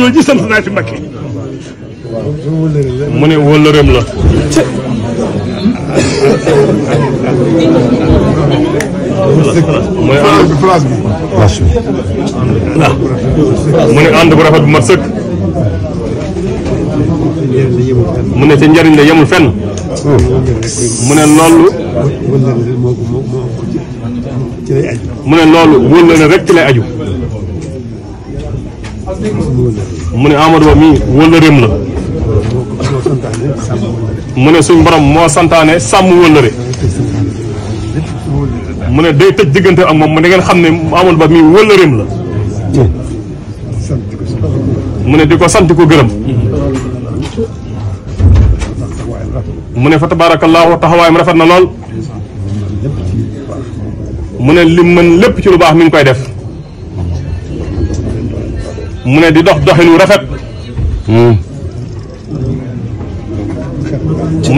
jooju ci Mbàkke mu ne wóllëram mu ne ànd bu rafet bu mat sëkk mu ne ca njëriñ la yemul fenn mu ne loolu mu ne loolu wóllëre rek ci lay aju mu ne Amadou Ba mii wëllëreem la mu ne suñ borom moo santaane sàmm wëllëre mu ne day tëj diggante ak moom mu ne ngeen xam ne Amadou Ba mii wëllëreem la mu ne di ko sant ko gërëm mu ne fa tabaarakallaahu taxawaayam rafet na lool mu ne lim mën lépp ci lu baax mi ngi koy def mu ne di dox doxinu rafet mu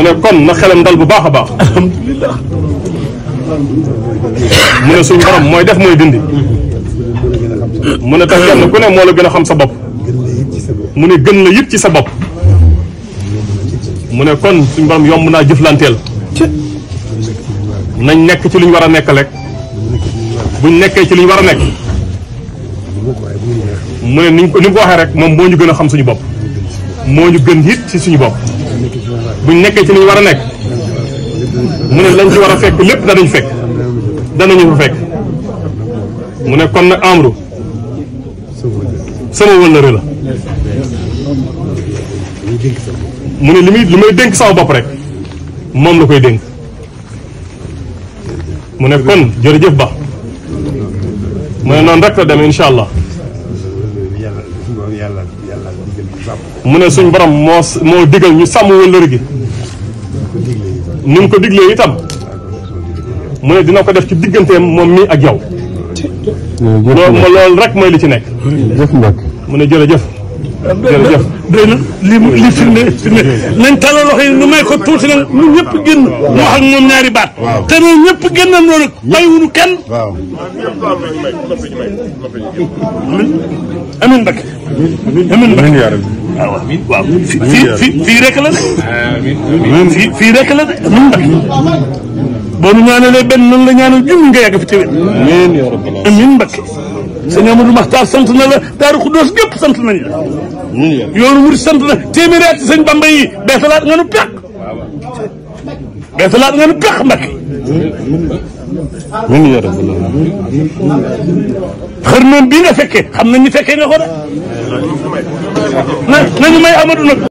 ne kon na xelam dal bu baax a baax alhamdulilah mu ne suñu borom mooy def mooy dindi mu ne tax kenn ku ne moo la gën a xam sa bopp mu ne gën la yëpp ci sa bopp mu ne kon suñu borom yomb naa jëflanteel nañ nekk ci luñ war a nekk rek buñ nekkee ci luñ war a nekk mu ne ni ni ko waxee rek moom moo ñu gën a xam suñu bopp moo ñu gën it ci suñu bopp buñ nekkee ci li war a nekk mu ne lañ ci war a fekk lépp danañ fekk danañu fa fekk mu ne kon nag Amadou sama wëllëre la mu ne li muy li may dénk sama bopp rek moom la koy dénk mu ne kon jërëjëf ba mu noonu rek la demee incha allah. mu ne suñ borom moo moo digal ñu sàmm wëllër gi. ni mu ko diglee itam. mu ne dina ko def ci digganteem moom mi ak yow. loolu rek mooy li ci nekk. mu ne jërëjëf. jërëjëf doy na li li firnde firnde nañ talal loxo yi nu may ko tuuti nag ñun ñëpp génn. waaw wax ak ñoom ñaari baat. waaw te ñun ñëpp génnoon na nag. bàyyiwuñu kenn. waaw. amiin Mbacke. amiin amiin Mbacke yaa rabbi. waaw waaw fii fii fii rek la de. amiin fii fii rek la de amiin Mbacke. boo nu ñaanalee benn noonu la ñaanal junni nga yàgg fi teewee. amiin yaa rabbi amiin Mbacke. sëñ Amadou Maxtaar sant na la Daaru Xuddoos gépp sant nañ la yoonu murid sant na téeméeri at sëñ Bamba yi beesalaat nga nu peq beesalaat peq Mbacke mun ya rabbal xër moom bii nga fekkee xam ñu fekkee nga na nañu may Amadou nag